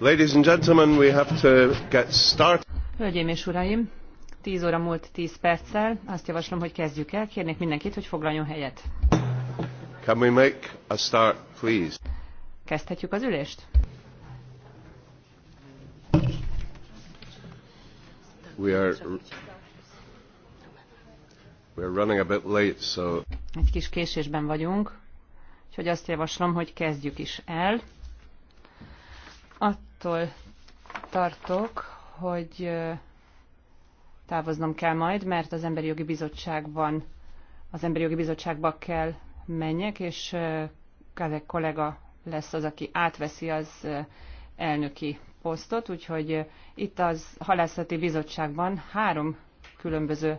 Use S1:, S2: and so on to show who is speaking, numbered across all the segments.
S1: Ladies and gentlemen, we have to get started. Hölgyeim és uraim, 10 óra múlt 10 perccel. Azt javaslom, hogy kezdjük el. Kérnék mindenkit, hogy foglaljon helyet. Can we make a start, please? Kezdhetjük az ülést? We are We're running a bit late, so... Egy kis késésben vagyunk, úgyhogy azt javaslom, hogy kezdjük is el. Attól tartok, hogy távoznom kell majd, mert az Emberi Jogi Bizottságban, az Emberi Jogi Bizottságba kell menjek, és Kazek kollega lesz az, aki átveszi az elnöki posztot, úgyhogy itt az halászati bizottságban három különböző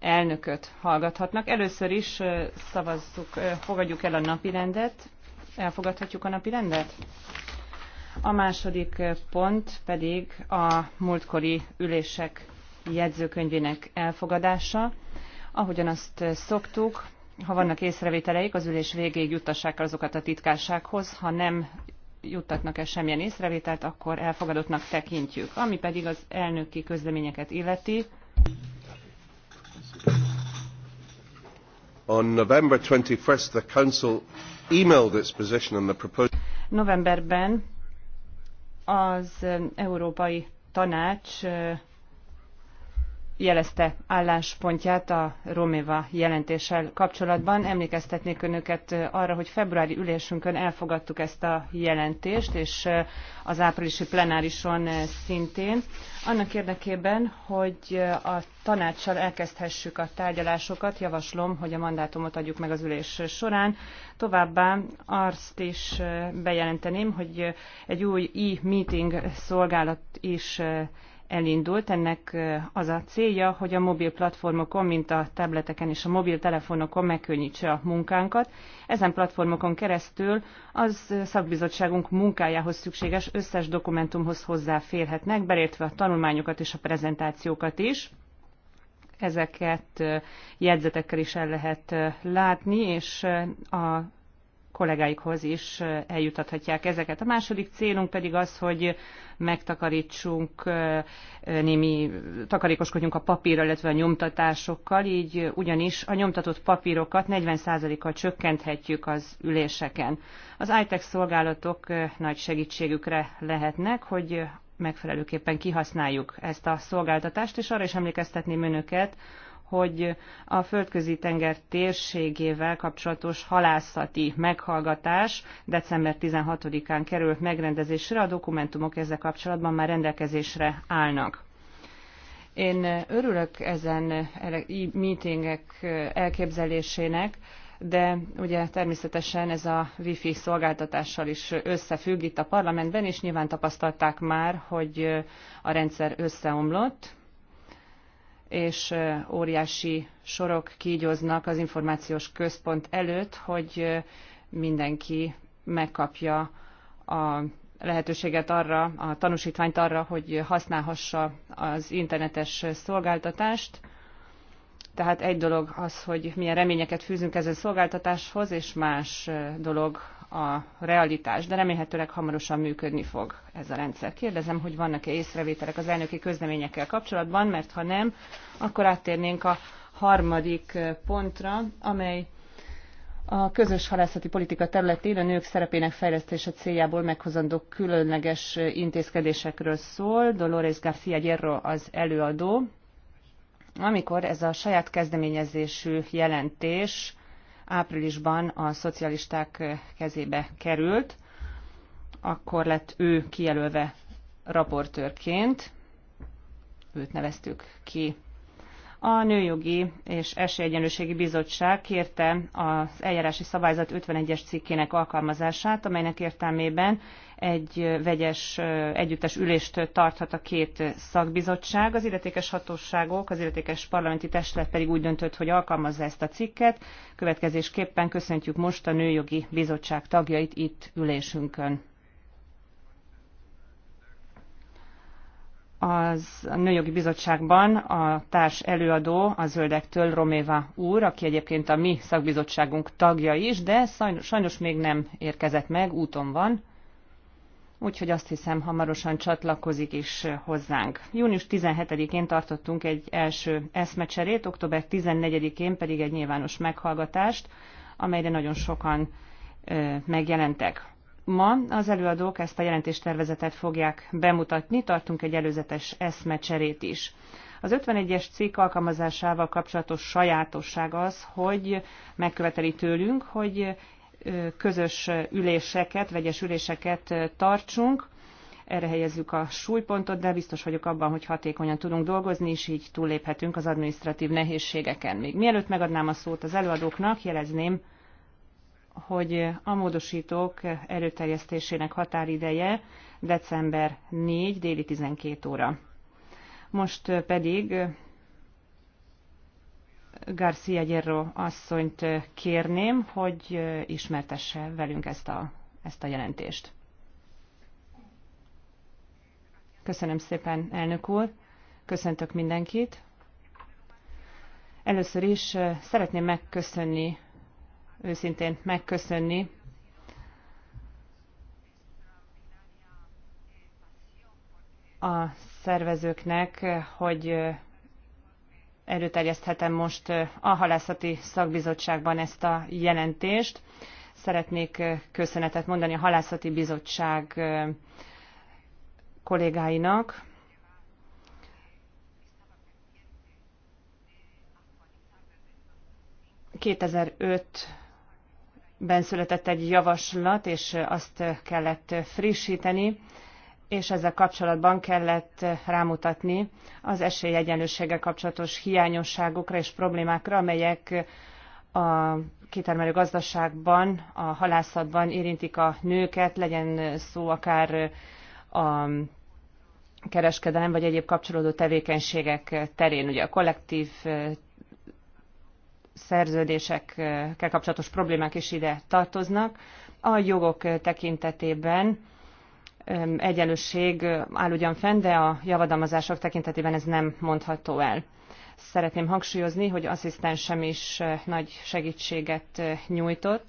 S1: elnököt hallgathatnak. Először is szavazzuk, fogadjuk el a napirendet. Elfogadhatjuk a napirendet? A második pont pedig a múltkori ülések jegyzőkönyvének elfogadása. Ahogyan azt szoktuk, ha vannak észrevételeik, az ülés végéig juttassák azokat a titkársághoz, ha nem juttatnak e semmilyen észrevételt, akkor elfogadottnak tekintjük. Ami pedig az elnöki közleményeket illeti. On November 21st, the Council emailed its position on the proposal. Novemberben az Európai Tanács jelezte álláspontját a Roméva jelentéssel kapcsolatban. Emlékeztetnék önöket arra, hogy februári ülésünkön elfogadtuk ezt a jelentést, és az áprilisi plenárison szintén. Annak érdekében, hogy a tanácssal elkezdhessük a tárgyalásokat, javaslom, hogy a mandátumot adjuk meg az ülés során. Továbbá azt is bejelenteném, hogy egy új e-meeting szolgálat is elindult. Ennek az a célja, hogy a mobil platformokon, mint a tableteken és a mobiltelefonokon megkönnyítse a munkánkat. Ezen platformokon keresztül az szakbizottságunk munkájához szükséges összes dokumentumhoz hozzáférhetnek, belértve a tanulmányokat és a prezentációkat is ezeket jegyzetekkel is el lehet látni, és a kollégáikhoz is eljutathatják ezeket. A második célunk pedig az, hogy megtakarítsunk, némi takarékoskodjunk a papírral, illetve a nyomtatásokkal, így ugyanis a nyomtatott papírokat 40%-kal csökkenthetjük az üléseken. Az ITEX szolgálatok nagy segítségükre lehetnek, hogy megfelelőképpen kihasználjuk ezt a szolgáltatást, és arra is emlékeztetném önöket, hogy a földközi tenger térségével kapcsolatos halászati meghallgatás december 16-án került megrendezésre, a dokumentumok ezzel kapcsolatban már rendelkezésre állnak. Én örülök ezen meetingek elképzelésének, de ugye természetesen ez a wifi szolgáltatással is összefügg itt a parlamentben, és nyilván tapasztalták már, hogy a rendszer összeomlott, és óriási sorok kígyoznak az információs központ előtt, hogy mindenki megkapja a lehetőséget arra, a tanúsítványt arra, hogy használhassa az internetes szolgáltatást. Tehát egy dolog az, hogy milyen reményeket fűzünk ezen szolgáltatáshoz, és más dolog a realitás, de remélhetőleg hamarosan működni fog ez a rendszer. Kérdezem, hogy vannak-e észrevételek az elnöki közleményekkel kapcsolatban, mert ha nem, akkor áttérnénk a harmadik pontra, amely a közös halászati politika területén a nők szerepének fejlesztése céljából meghozandó különleges intézkedésekről szól. Dolores García Hierro az előadó. Amikor ez a saját kezdeményezésű jelentés áprilisban a szocialisták kezébe került, akkor lett ő kijelölve raportőrként, őt neveztük ki a Nőjogi és Esélyegyenlőségi Bizottság kérte az eljárási szabályzat 51-es cikkének alkalmazását, amelynek értelmében egy vegyes együttes ülést tarthat a két szakbizottság. Az illetékes hatóságok, az illetékes parlamenti testület pedig úgy döntött, hogy alkalmazza ezt a cikket. Következésképpen köszöntjük most a Nőjogi Bizottság tagjait itt ülésünkön. az a Nőjogi Bizottságban a társ előadó a zöldektől Roméva úr, aki egyébként a mi szakbizottságunk tagja is, de sajnos még nem érkezett meg, úton van. Úgyhogy azt hiszem, hamarosan csatlakozik is hozzánk. Június 17-én tartottunk egy első eszmecserét, október 14-én pedig egy nyilvános meghallgatást, amelyre nagyon sokan megjelentek. Ma az előadók ezt a jelentéstervezetet fogják bemutatni, tartunk egy előzetes eszmecserét is. Az 51-es cikk alkalmazásával kapcsolatos sajátosság az, hogy megköveteli tőlünk, hogy közös üléseket, vegyes üléseket tartsunk, erre helyezzük a súlypontot, de biztos vagyok abban, hogy hatékonyan tudunk dolgozni, és így túlléphetünk az administratív nehézségeken. Még mielőtt megadnám a szót az előadóknak, jelezném, hogy a módosítók erőterjesztésének határideje december 4 déli 12 óra. Most pedig García Gyerro asszonyt kérném, hogy ismertesse velünk ezt a, ezt a jelentést. Köszönöm szépen, elnök úr. Köszöntök mindenkit. Először is szeretném megköszönni őszintén megköszönni a szervezőknek, hogy előterjeszthetem most a halászati szakbizottságban ezt a jelentést. Szeretnék köszönetet mondani a halászati bizottság kollégáinak, two ben született egy javaslat, és azt kellett frissíteni, és ezzel kapcsolatban kellett rámutatni az esélyegyenlőséggel kapcsolatos hiányosságokra és problémákra, amelyek a kitermelő gazdaságban, a halászatban érintik a nőket, legyen szó akár a kereskedelem vagy egyéb kapcsolódó tevékenységek terén. Ugye a kollektív szerződésekkel kapcsolatos problémák is ide tartoznak. A jogok tekintetében egyenlőség áll ugyan fenn, de a javadalmazások tekintetében ez nem mondható el. Szeretném hangsúlyozni, hogy asszisztensem is nagy segítséget nyújtott,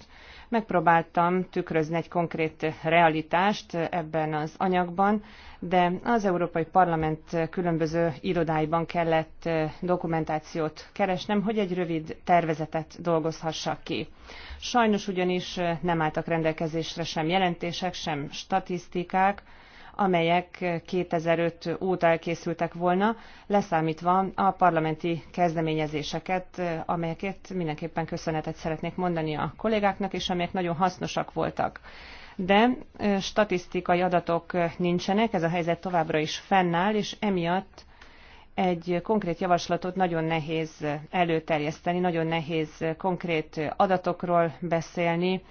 S1: Megpróbáltam tükrözni egy konkrét realitást ebben az anyagban, de az Európai Parlament különböző irodáiban kellett eh, dokumentációt keresnem, hogy egy rövid tervezetet dolgozhassak ki. Sajnos ugyanis eh, nem álltak rendelkezésre sem jelentések, sem statisztikák, amelyek 2005 óta elkészültek volna, leszámítva a parlamenti kezdeményezéseket, amelyeket mindenképpen köszönetet szeretnék mondani a kollégáknak, és amelyek nagyon hasznosak voltak. De statisztikai adatok nincsenek, ez a helyzet továbbra is fennáll, és emiatt egy konkrét javaslatot nagyon nehéz előterjeszteni, nagyon nehéz konkrét adatokról beszélni,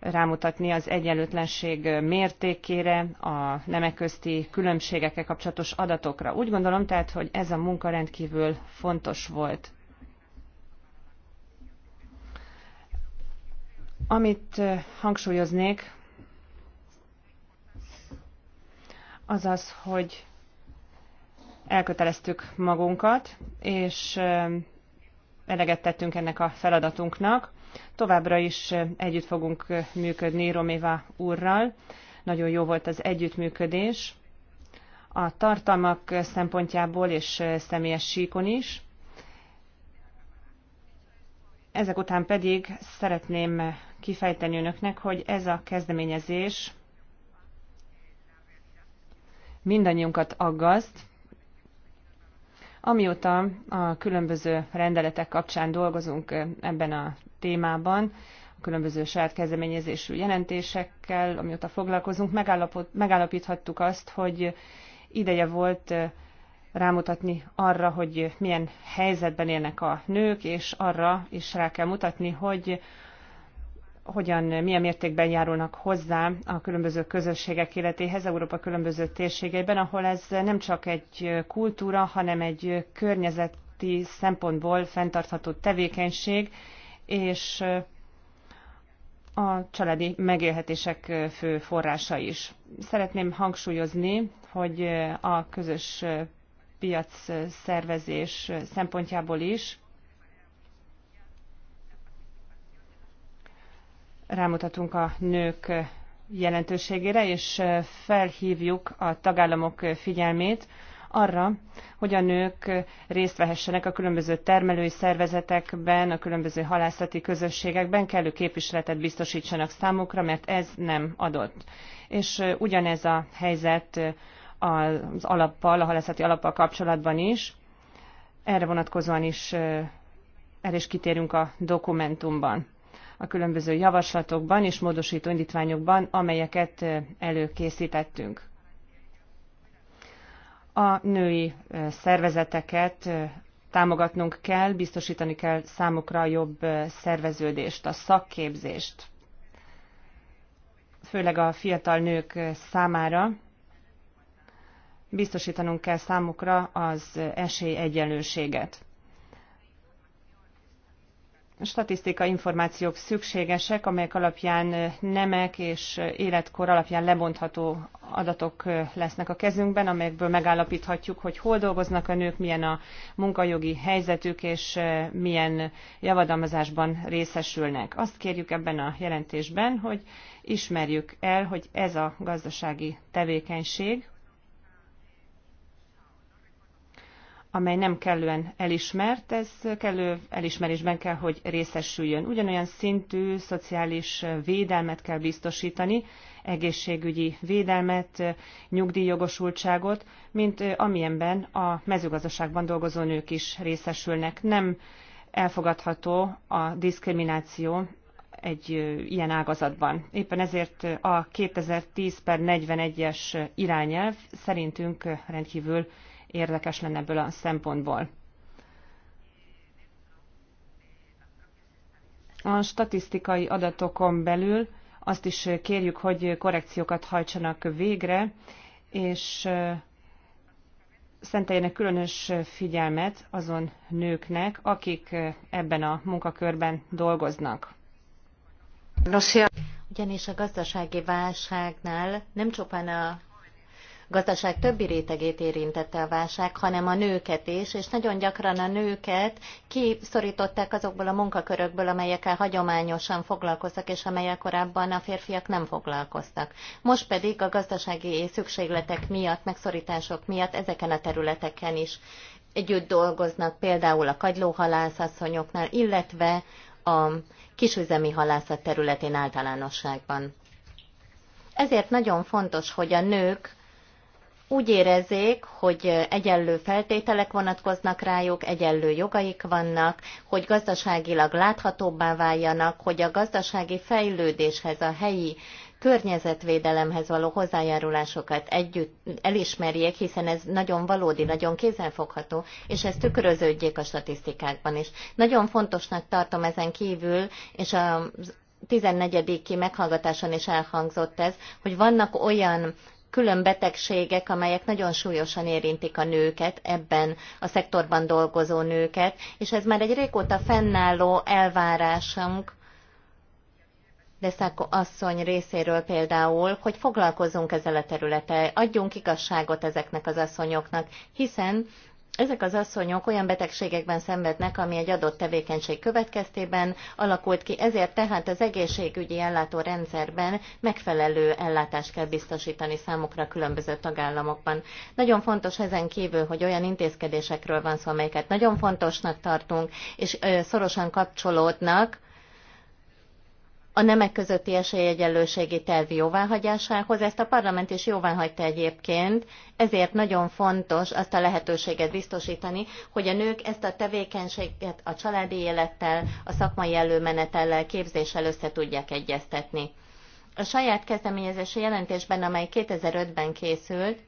S1: rámutatni az egyenlőtlenség mértékére, a nemek közti különbségekkel kapcsolatos adatokra. Úgy gondolom tehát, hogy ez a munka rendkívül fontos volt. Amit hangsúlyoznék, az az, hogy elköteleztük magunkat, és eleget tettünk ennek a feladatunknak. Továbbra is eh, együtt fogunk eh, működni Roméva úrral. Nagyon jó volt az együttműködés a tartalmak eh, szempontjából és személyes síkon is. Ezek után pedig szeretném kifejteni önöknek, hogy ez a kezdeményezés mindannyiunkat aggaszt, Amióta a különböző rendeletek kapcsán dolgozunk eh, ebben a témában, a különböző saját kezdeményezésű jelentésekkel, amióta foglalkozunk, megállapíthattuk azt, hogy ideje volt eh, rámutatni arra, hogy milyen helyzetben élnek a nők, és arra is rá kell mutatni, hogy hogyan, milyen mértékben járulnak hozzá a különböző közösségek életéhez Európa különböző térségeiben, ahol ez nem csak egy kultúra, hanem egy környezeti szempontból fenntartható tevékenység, és a családi megélhetések fő forrása is. Szeretném hangsúlyozni, hogy a közös piac szervezés szempontjából is rámutatunk a nők jelentőségére, és felhívjuk a tagállamok figyelmét arra, hogy a nők részt vehessenek a különböző termelői szervezetekben, a különböző halászati közösségekben, kellő képviseletet biztosítsanak számukra, mert ez nem adott. És ugyanez a helyzet az alappal, a halászati alappal kapcsolatban is. Erre vonatkozóan is erre is kitérünk a dokumentumban a különböző javaslatokban és módosító indítványokban, amelyeket előkészítettünk. A női szervezeteket támogatnunk kell, biztosítani kell számukra a jobb szerveződést, a szakképzést, főleg a fiatal nők számára. Biztosítanunk kell számukra az esélyegyenlőséget statisztikai információk szükségesek, amelyek alapján nemek és életkor alapján lebontható adatok lesznek a kezünkben, amelyekből megállapíthatjuk, hogy hol dolgoznak a nők, milyen a munkajogi helyzetük, és milyen javadalmazásban részesülnek. Azt kérjük ebben a jelentésben, hogy ismerjük el, hogy ez a gazdasági tevékenység amely nem kellően elismert, ez kellő elismerésben kell, hogy részesüljön. Ugyanolyan szintű szociális védelmet kell biztosítani, egészségügyi védelmet, nyugdíjjogosultságot, mint amilyenben a mezőgazdaságban dolgozó nők is részesülnek. Nem elfogadható a diszkrimináció egy ilyen ágazatban. Éppen ezért a 2010 per 41-es irányelv szerintünk rendkívül érdekes lenne ebből a szempontból. A statisztikai adatokon belül azt is kérjük, hogy korrekciókat hajtsanak végre, és szenteljenek különös figyelmet azon nőknek, akik ebben a munkakörben dolgoznak.
S2: Ugyanis a gazdasági válságnál nem csupán a gazdaság többi rétegét érintette a válság, hanem a nőket is, és nagyon gyakran a nőket kiszorították azokból a munkakörökből, amelyekkel hagyományosan foglalkoztak, és amelyek korábban a férfiak nem foglalkoztak. Most pedig a gazdasági szükségletek miatt, megszorítások miatt ezeken a területeken is együtt dolgoznak, például a kagylóhalászasszonyoknál, illetve a kisüzemi halászat területén általánosságban. Ezért nagyon fontos, hogy a nők úgy érezzék, hogy egyenlő feltételek vonatkoznak rájuk, egyenlő jogaik vannak, hogy gazdaságilag láthatóbbá váljanak, hogy a gazdasági fejlődéshez, a helyi környezetvédelemhez való hozzájárulásokat együtt elismerjék, hiszen ez nagyon valódi, nagyon kézenfogható, és ez tükröződjék a statisztikákban is. Nagyon fontosnak tartom ezen kívül, és a 14. meghallgatáson is elhangzott ez, hogy vannak olyan külön betegségek, amelyek nagyon súlyosan érintik a nőket, ebben a szektorban dolgozó nőket, és ez már egy régóta fennálló elvárásunk, de Szákó asszony részéről például, hogy foglalkozzunk ezzel a területtel, adjunk igazságot ezeknek az asszonyoknak, hiszen ezek az asszonyok olyan betegségekben szenvednek, ami egy adott tevékenység következtében alakult ki, ezért tehát az egészségügyi ellátórendszerben megfelelő ellátást kell biztosítani számukra különböző tagállamokban. Nagyon fontos ezen kívül, hogy olyan intézkedésekről van szó, amelyeket nagyon fontosnak tartunk, és szorosan kapcsolódnak a nemek közötti esélyegyenlőségi terv jóváhagyásához. Ezt a parlament is jóváhagyta egyébként, ezért nagyon fontos azt a lehetőséget biztosítani, hogy a nők ezt a tevékenységet a családi élettel, a szakmai előmenetellel, képzéssel össze tudják egyeztetni. A saját kezdeményezési jelentésben, amely 2005-ben készült,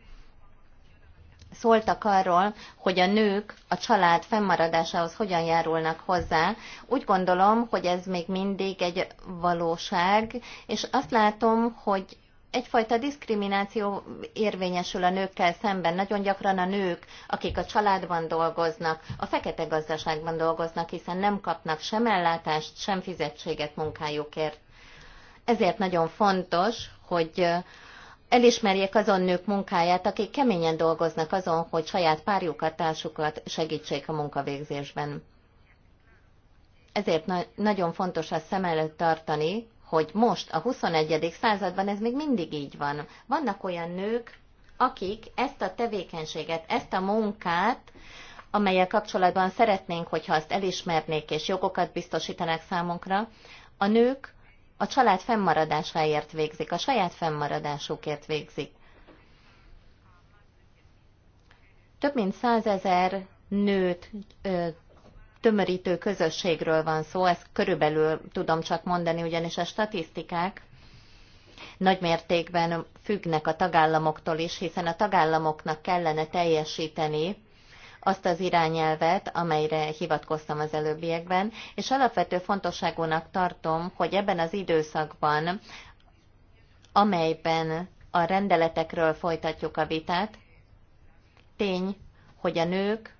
S2: szóltak arról, hogy a nők a család fennmaradásához hogyan járulnak hozzá. Úgy gondolom, hogy ez még mindig egy valóság, és azt látom, hogy egyfajta diszkrimináció érvényesül a nőkkel szemben. Nagyon gyakran a nők, akik a családban dolgoznak, a fekete gazdaságban dolgoznak, hiszen nem kapnak sem ellátást, sem fizetséget munkájukért. Ezért nagyon fontos, hogy elismerjék azon nők munkáját, akik keményen dolgoznak azon, hogy saját párjukat, társukat segítsék a munkavégzésben. Ezért na- nagyon fontos azt szem előtt tartani, hogy most, a 21. században ez még mindig így van. Vannak olyan nők, akik ezt a tevékenységet, ezt a munkát, amelyek kapcsolatban szeretnénk, hogyha azt elismernék és jogokat biztosítanak számunkra, a nők a család fennmaradásáért végzik, a saját fennmaradásukért végzik. Több mint százezer nőt ö, tömörítő közösségről van szó, ezt körülbelül tudom csak mondani, ugyanis a statisztikák nagy mértékben függnek a tagállamoktól is, hiszen a tagállamoknak kellene teljesíteni azt az irányelvet, amelyre hivatkoztam az előbbiekben, és alapvető fontosságúnak tartom, hogy ebben az időszakban, amelyben a rendeletekről folytatjuk a vitát, tény, hogy a nők,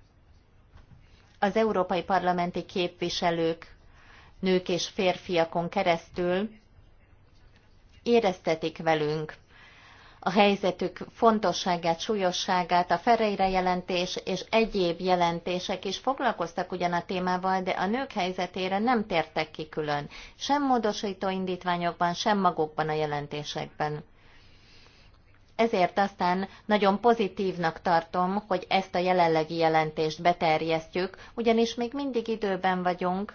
S2: az európai parlamenti képviselők, nők és férfiakon keresztül éreztetik velünk a helyzetük fontosságát, súlyosságát, a Ferreira jelentés és egyéb jelentések is foglalkoztak ugyan a témával, de a nők helyzetére nem tértek ki külön, sem módosító indítványokban, sem magukban a jelentésekben. Ezért aztán nagyon pozitívnak tartom, hogy ezt a jelenlegi jelentést beterjesztjük, ugyanis még mindig időben vagyunk,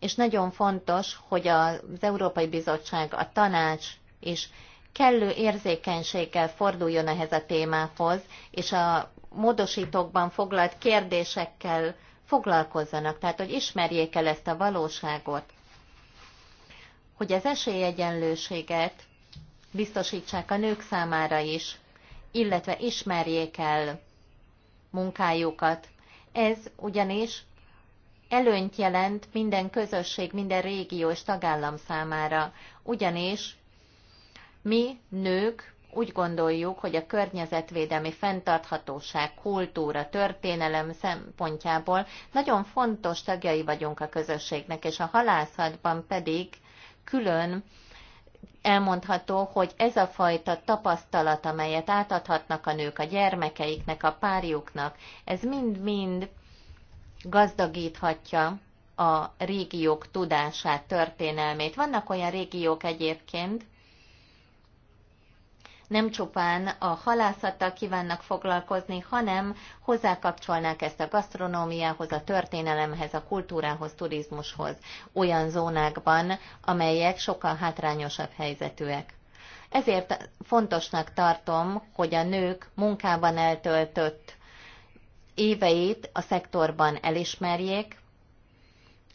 S2: és nagyon fontos, hogy az Európai Bizottság, a tanács és kellő érzékenységgel forduljon ehhez a témához, és a módosítókban foglalt kérdésekkel foglalkozzanak, tehát hogy ismerjék el ezt a valóságot, hogy az esélyegyenlőséget biztosítsák a nők számára is, illetve ismerjék el munkájukat. Ez ugyanis előnyt jelent minden közösség, minden régió és tagállam számára, ugyanis mi, nők, úgy gondoljuk, hogy a környezetvédelmi fenntarthatóság, kultúra, történelem szempontjából nagyon fontos tagjai vagyunk a közösségnek, és a halászatban pedig külön elmondható, hogy ez a fajta tapasztalat, amelyet átadhatnak a nők a gyermekeiknek, a párjuknak, ez mind-mind gazdagíthatja a régiók tudását, történelmét. Vannak olyan régiók egyébként, nem csupán a halászattal kívánnak foglalkozni, hanem hozzákapcsolnák ezt a gasztronómiához, a történelemhez, a kultúrához, turizmushoz olyan zónákban, amelyek sokkal hátrányosabb helyzetűek. Ezért fontosnak tartom, hogy a nők munkában eltöltött éveit a szektorban elismerjék,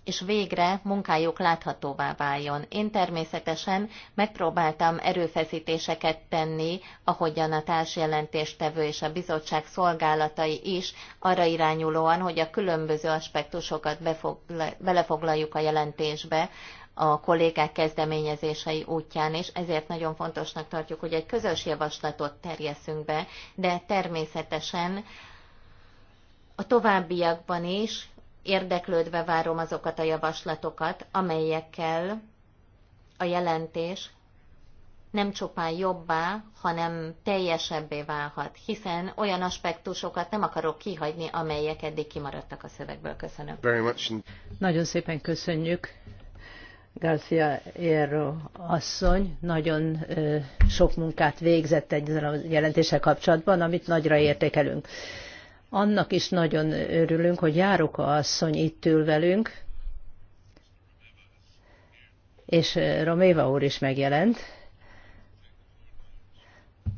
S2: és végre munkájuk láthatóvá váljon. Én természetesen megpróbáltam erőfeszítéseket tenni, ahogyan a társjelentéstevő és a bizottság szolgálatai is, arra irányulóan, hogy a különböző aspektusokat befogla, belefoglaljuk a jelentésbe, a kollégák kezdeményezései útján, és ezért nagyon fontosnak tartjuk, hogy egy közös javaslatot terjeszünk be, de természetesen a továbbiakban is Érdeklődve várom azokat a javaslatokat, amelyekkel a jelentés nem csupán jobbá, hanem teljesebbé válhat, hiszen olyan aspektusokat nem akarok kihagyni, amelyek eddig kimaradtak a szövegből. Köszönöm.
S3: Nagyon szépen köszönjük. Garcia Hierro asszony nagyon sok munkát végzett ezzel a jelentéssel kapcsolatban, amit nagyra értékelünk. Annak is nagyon örülünk, hogy Járóka asszony itt ül velünk, és Roméva úr is megjelent.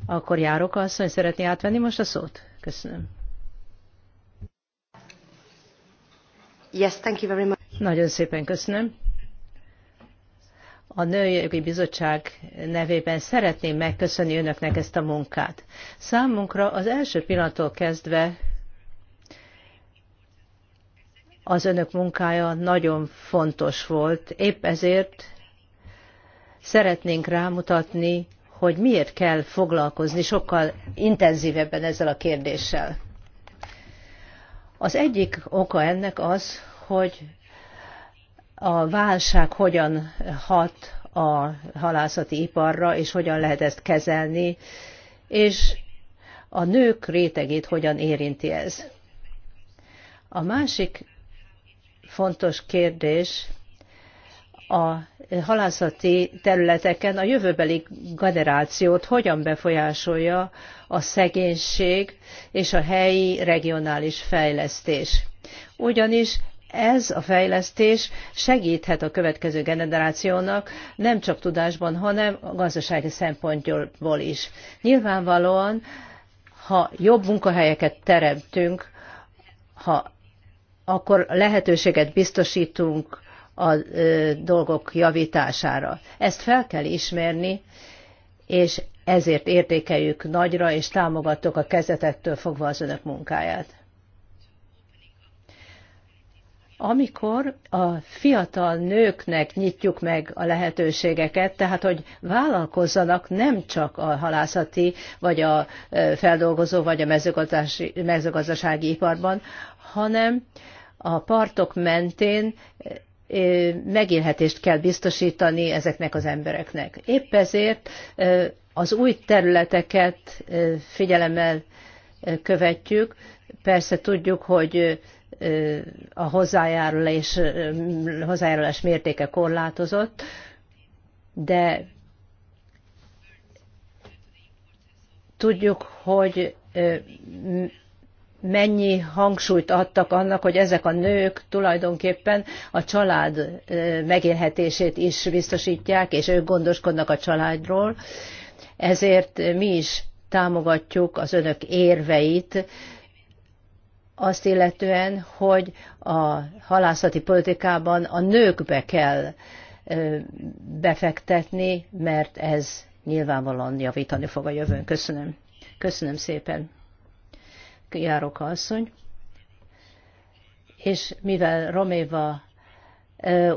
S3: Akkor a asszony szeretné átvenni most a szót? Köszönöm. Yes, thank you very much. Nagyon szépen köszönöm. A Nőjogi Bizottság nevében szeretném megköszönni önöknek ezt a munkát. Számunkra az első pillanattól kezdve az önök munkája nagyon fontos volt. Épp ezért szeretnénk rámutatni, hogy miért kell foglalkozni sokkal intenzívebben ezzel a kérdéssel. Az egyik oka ennek az, hogy a válság hogyan hat a halászati iparra, és hogyan lehet ezt kezelni, és a nők rétegét hogyan érinti ez. A másik fontos kérdés a halászati területeken a jövőbeli generációt hogyan befolyásolja a szegénység és a helyi regionális fejlesztés. Ugyanis ez a fejlesztés segíthet a következő generációnak nem csak tudásban, hanem a gazdasági szempontból is. Nyilvánvalóan, ha jobb munkahelyeket teremtünk, ha akkor lehetőséget biztosítunk a dolgok javítására. Ezt fel kell ismerni, és ezért értékeljük nagyra, és támogattuk a kezetektől fogva az önök munkáját. Amikor a fiatal nőknek nyitjuk meg a lehetőségeket, tehát hogy vállalkozzanak nem csak a halászati, vagy a feldolgozó, vagy a mezőgazdasági iparban, hanem a partok mentén megélhetést kell biztosítani ezeknek az embereknek. Épp ezért az új területeket figyelemmel követjük. Persze tudjuk, hogy a hozzájárulás, hozzájárulás mértéke korlátozott, de tudjuk, hogy mennyi hangsúlyt adtak annak, hogy ezek a nők tulajdonképpen a család megélhetését is biztosítják, és ők gondoskodnak a családról. Ezért mi is támogatjuk az önök érveit, azt illetően, hogy a halászati politikában a nőkbe kell befektetni, mert ez nyilvánvalóan javítani fog a jövőn. Köszönöm. Köszönöm szépen járok asszony, és mivel Roméva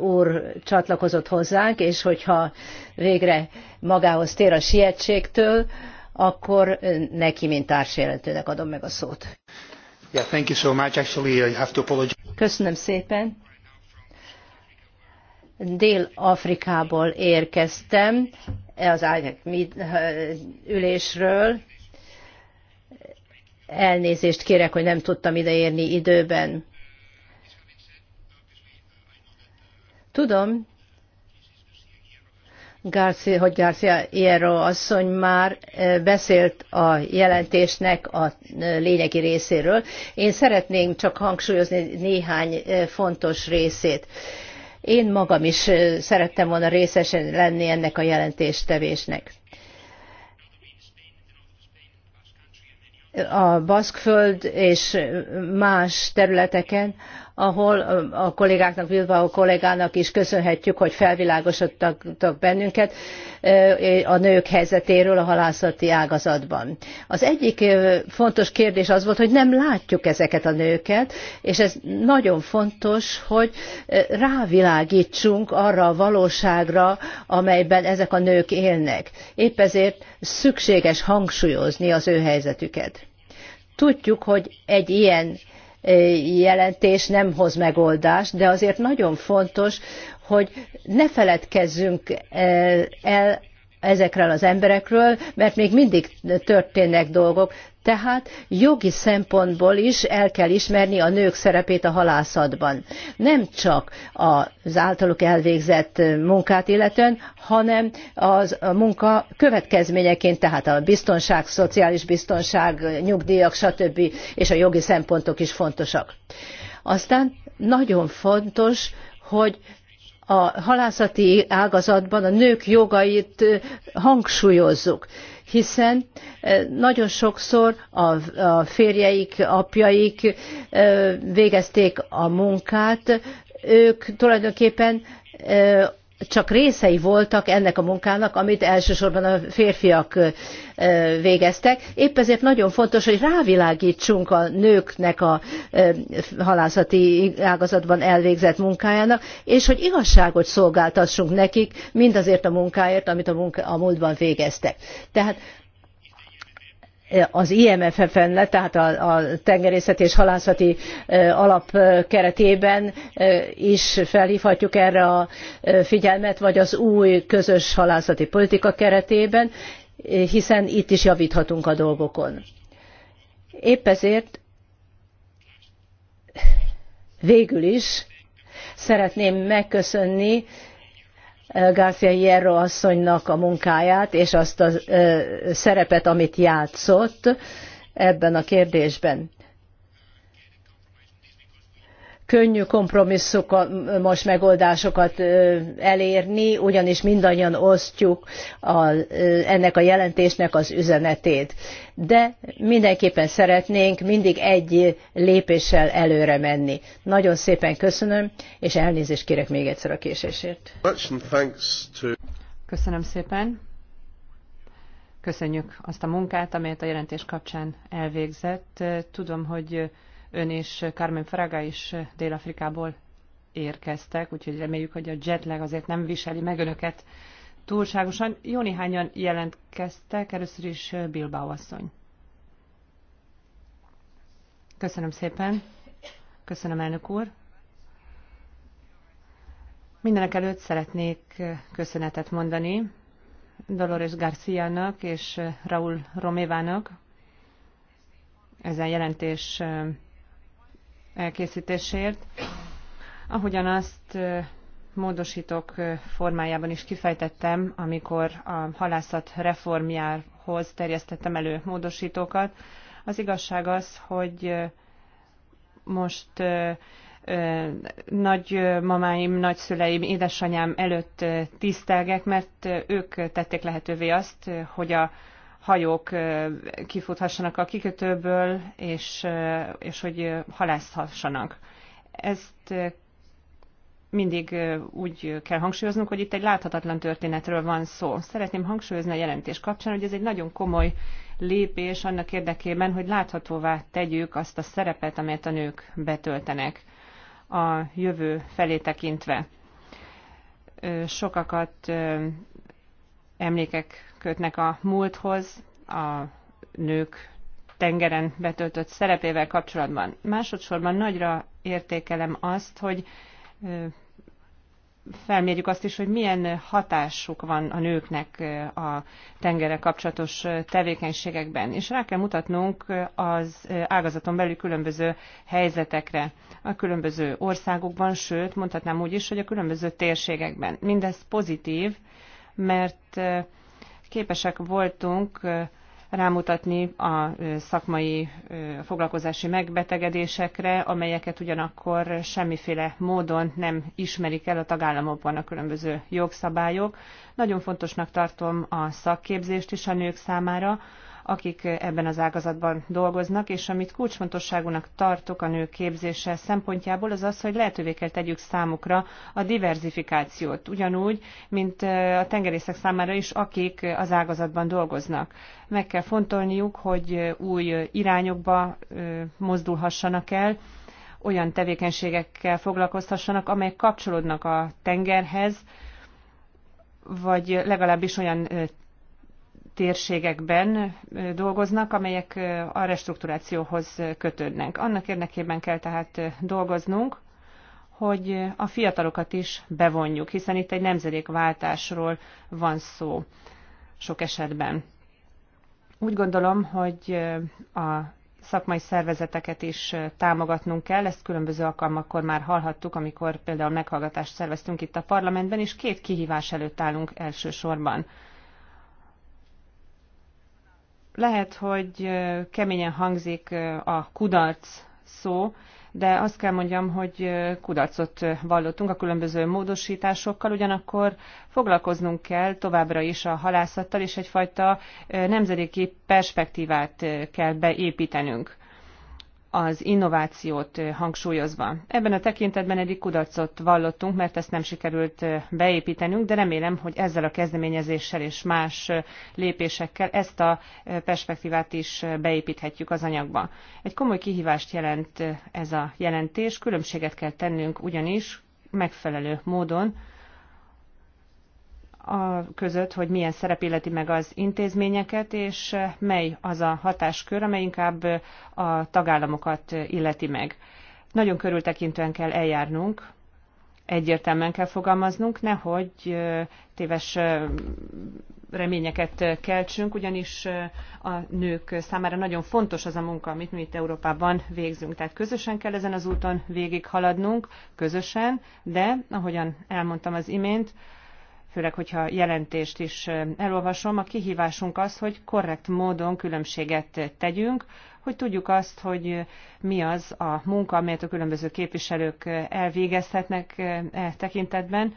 S3: úr csatlakozott hozzánk, és hogyha végre magához tér a sietségtől, akkor neki, mint társjelentőnek adom meg a szót.
S2: Yeah, thank you so much. Actually, I have to apologize.
S3: Köszönöm szépen. Dél-Afrikából érkeztem az ülésről, elnézést kérek, hogy nem tudtam ideérni időben. Tudom, Garcia, hogy Garcia Hierro asszony már eh, beszélt a jelentésnek a eh, lényegi részéről. Én szeretném csak hangsúlyozni néhány eh, fontos részét. Én magam is szerettem volna részesen lenni ennek a jelentéstevésnek. a Baszkföld és más területeken, ahol a kollégáknak, Bilbao kollégának is köszönhetjük, hogy felvilágosodtak bennünket a nők helyzetéről a halászati ágazatban. Az egyik fontos kérdés az volt, hogy nem látjuk ezeket a nőket, és ez nagyon fontos, hogy rávilágítsunk arra a valóságra, amelyben ezek a nők élnek. Épp ezért szükséges hangsúlyozni az ő helyzetüket. Tudjuk, hogy egy ilyen jelentés nem hoz megoldást, de azért nagyon fontos, hogy ne feledkezzünk el ezekről az emberekről, mert még mindig történnek dolgok, tehát jogi szempontból is el kell ismerni a nők szerepét a halászatban. Nem csak az általuk elvégzett munkát illetően, hanem az a munka következményeként, tehát a biztonság, szociális biztonság, nyugdíjak, stb. és a jogi szempontok is fontosak. Aztán nagyon fontos, hogy a halászati ágazatban a nők jogait hangsúlyozzuk, hiszen nagyon sokszor a férjeik, apjaik végezték a munkát, ők tulajdonképpen csak részei voltak ennek a munkának, amit elsősorban a férfiak végeztek. Épp ezért nagyon fontos, hogy rávilágítsunk a nőknek a halászati ágazatban elvégzett munkájának, és hogy igazságot szolgáltassunk nekik mindazért a munkáért, amit a, munka, a múltban végeztek. Tehát az IMFF-en, tehát a, tengerészeti és halászati alap keretében is felhvhatjuk erre a figyelmet, vagy az új közös halászati politika keretében, hiszen itt is javíthatunk a dolgokon. Épp ezért végül is szeretném megköszönni Garcia Hierro asszonynak a munkáját és azt a szerepet, amit játszott ebben a kérdésben könnyű kompromisszumos megoldásokat elérni, ugyanis mindannyian osztjuk a, ennek a jelentésnek az üzenetét. De mindenképpen szeretnénk mindig egy lépéssel előre menni. Nagyon szépen köszönöm, és elnézést kérek még egyszer a késésért.
S1: Köszönöm szépen. Köszönjük azt a munkát, amelyet a jelentés kapcsán elvégzett. Tudom, hogy ön és Carmen Fraga is Dél-Afrikából érkeztek, úgyhogy reméljük, hogy a jetlag azért nem viseli meg önöket túlságosan. Jó néhányan jelentkeztek, először is Bilbao asszony. Köszönöm szépen. Köszönöm, elnök úr. Mindenek előtt szeretnék köszönetet mondani Dolores García-nak és Raúl Romévának ezen jelentés elkészítésért. Ahogyan azt módosítok formájában is kifejtettem, amikor a halászat reformjához terjesztettem elő módosítókat. Az igazság az, hogy most nagy nagy nagyszüleim, édesanyám előtt tisztelgek, mert ők tették lehetővé azt, hogy a hajók kifuthassanak a kikötőből, és, és hogy halászhassanak. Ezt mindig úgy kell hangsúlyoznunk, hogy itt egy láthatatlan történetről van szó. Szeretném hangsúlyozni a jelentés kapcsán, hogy ez egy nagyon komoly lépés annak érdekében, hogy láthatóvá tegyük azt a szerepet, amelyet a nők betöltenek a jövő felé tekintve. Sokakat emlékek kötnek a múlthoz, a nők tengeren betöltött szerepével kapcsolatban. Másodszorban nagyra értékelem azt, hogy felmérjük azt is, hogy milyen hatásuk van a nőknek a tengerre kapcsolatos tevékenységekben. És rá kell mutatnunk az ágazaton belül különböző helyzetekre, a különböző országokban, sőt, mondhatnám úgy is, hogy a különböző térségekben. Mindez pozitív, mert képesek voltunk rámutatni a szakmai foglalkozási megbetegedésekre, amelyeket ugyanakkor semmiféle módon nem ismerik el a tagállamokban a különböző jogszabályok. Nagyon fontosnak tartom a szakképzést is a nők számára, akik ebben az ágazatban dolgoznak, és amit kulcsfontosságúnak tartok a nők képzése szempontjából, az az, hogy lehetővé kell tegyük számukra a diversifikációt, ugyanúgy, mint a tengerészek számára is, akik az ágazatban dolgoznak. Meg kell fontolniuk, hogy új irányokba mozdulhassanak el, olyan tevékenységekkel foglalkozhassanak, amelyek kapcsolódnak a tengerhez, vagy legalábbis olyan térségekben dolgoznak, amelyek a restrukturációhoz kötődnek. Annak érdekében kell tehát dolgoznunk, hogy a fiatalokat is bevonjuk, hiszen itt egy nemzedékváltásról van szó sok esetben. Úgy gondolom, hogy a szakmai szervezeteket is támogatnunk kell, ezt különböző alkalmakkor már hallhattuk, amikor például meghallgatást szerveztünk itt a parlamentben, és két kihívás előtt állunk elsősorban. Lehet, hogy keményen hangzik a kudarc szó, de azt kell mondjam, hogy kudarcot vallottunk a különböző módosításokkal, ugyanakkor foglalkoznunk kell továbbra is a halászattal, és egyfajta nemzedéki perspektívát kell beépítenünk az innovációt hangsúlyozva. Ebben a tekintetben egy kudarcot vallottunk, mert ezt nem sikerült beépítenünk, de remélem, hogy ezzel a kezdeményezéssel és más lépésekkel ezt a perspektívát is beépíthetjük az anyagba. Egy komoly kihívást jelent ez a jelentés, különbséget kell tennünk ugyanis megfelelő módon a között, hogy milyen szerep illeti meg az intézményeket, és eh, mely az a hatáskör, amely inkább eh, a tagállamokat eh, illeti meg. Nagyon körültekintően kell eljárnunk, egyértelműen kell fogalmaznunk, nehogy téves reményeket keltsünk, ugyanis a nők számára nagyon fontos az a munka, amit mi itt Európában végzünk. Tehát közösen kell ezen az úton végighaladnunk, közösen, de ahogyan elmondtam az imént, főleg, hogyha jelentést is elolvasom, a kihívásunk az, hogy korrekt módon különbséget tegyünk, hogy tudjuk azt, hogy mi az a munka, amelyet a különböző képviselők elvégezhetnek e tekintetben,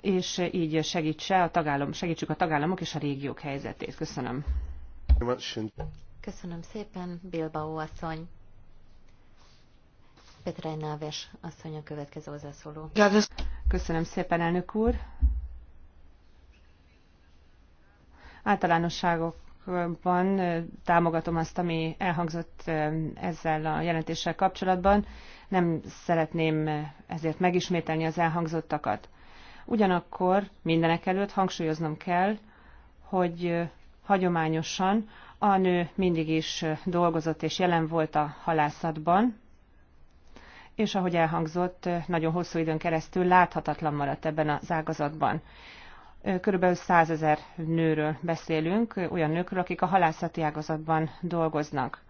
S1: és így segítse a tagállam, segítsük a tagállamok és a régiók helyzetét. Köszönöm.
S2: Köszönöm szépen, Bilbao asszony. Petrej Náves asszony a következő hozzászóló.
S1: Köszönöm szépen, elnök úr. általánosságokban támogatom azt, ami elhangzott ezzel a jelentéssel kapcsolatban. Nem szeretném ezért megismételni az elhangzottakat. Ugyanakkor mindenek előtt hangsúlyoznom kell, hogy hagyományosan a nő mindig is dolgozott és jelen volt a halászatban, és ahogy elhangzott, nagyon hosszú időn keresztül láthatatlan maradt ebben az ágazatban. Körülbelül százezer nőről beszélünk, olyan nőkről, akik a halászati ágazatban dolgoznak.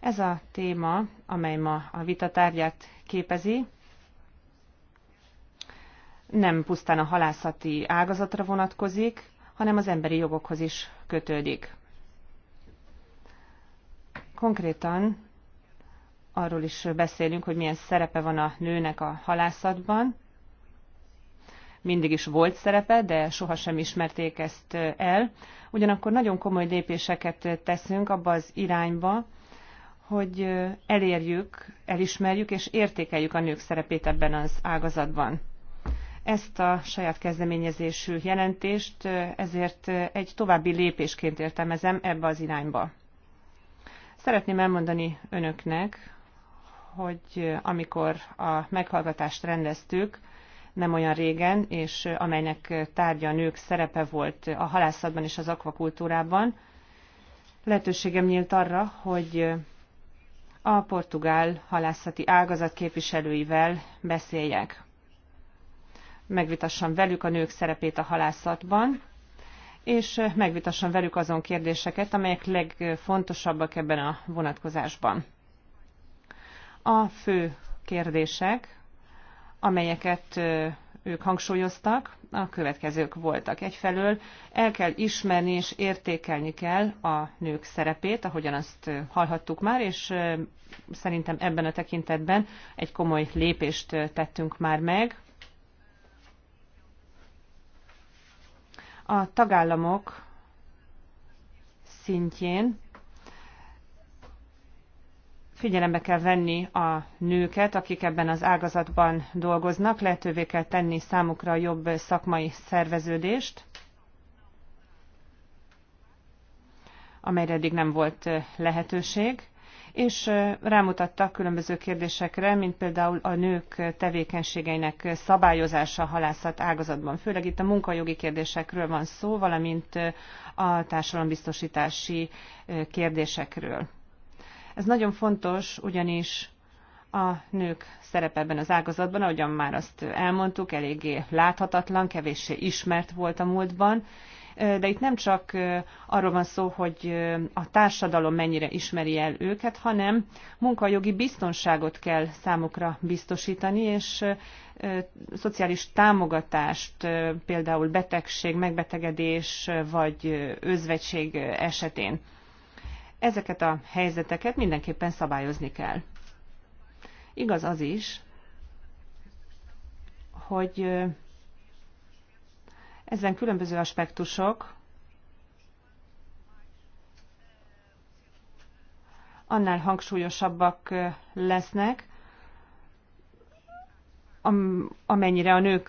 S1: Ez a téma, amely ma a vita tárgyát képezi, nem pusztán a halászati ágazatra vonatkozik, hanem az emberi jogokhoz is kötődik. Konkrétan arról is beszélünk, hogy milyen szerepe van a nőnek a halászatban, mindig is volt szerepe, de sohasem ismerték ezt el. Ugyanakkor nagyon komoly lépéseket teszünk abba az irányba, hogy elérjük, elismerjük és értékeljük a nők szerepét ebben az ágazatban. Ezt a saját kezdeményezésű jelentést ezért egy további lépésként értelmezem ebbe az irányba. Szeretném elmondani önöknek, hogy amikor a meghallgatást rendeztük, nem olyan régen, és amelynek tárgya a nők szerepe volt a halászatban és az akvakultúrában. Lehetőségem nyílt arra, hogy a portugál halászati ágazat képviselőivel beszéljek. Megvitassam velük a nők szerepét a halászatban, és megvitassam velük azon kérdéseket, amelyek legfontosabbak ebben a vonatkozásban. A fő kérdések amelyeket ők hangsúlyoztak, a következők voltak. Egyfelől el kell ismerni és értékelni kell a nők szerepét, ahogyan azt hallhattuk már, és szerintem ebben a tekintetben egy komoly lépést tettünk már meg. A tagállamok szintjén Figyelembe kell venni a nőket, akik ebben az ágazatban dolgoznak, lehetővé kell tenni számukra a jobb szakmai szerveződést, amelyre eddig nem volt lehetőség, és rámutattak különböző kérdésekre, mint például a nők tevékenységeinek szabályozása a halászat ágazatban. Főleg itt a munkajogi kérdésekről van szó, valamint a társadalombiztosítási kérdésekről. Ez nagyon fontos, ugyanis a nők szerepe ebben az ágazatban, ahogyan már azt elmondtuk, eléggé láthatatlan, kevéssé ismert volt a múltban, de itt nem csak arról van szó, hogy a társadalom mennyire ismeri el őket, hanem munkajogi biztonságot kell számukra biztosítani, és szociális támogatást, például betegség, megbetegedés vagy özvegység esetén. Ezeket a helyzeteket mindenképpen szabályozni kell. Igaz az is, hogy ezen különböző aspektusok annál hangsúlyosabbak lesznek, amennyire a nők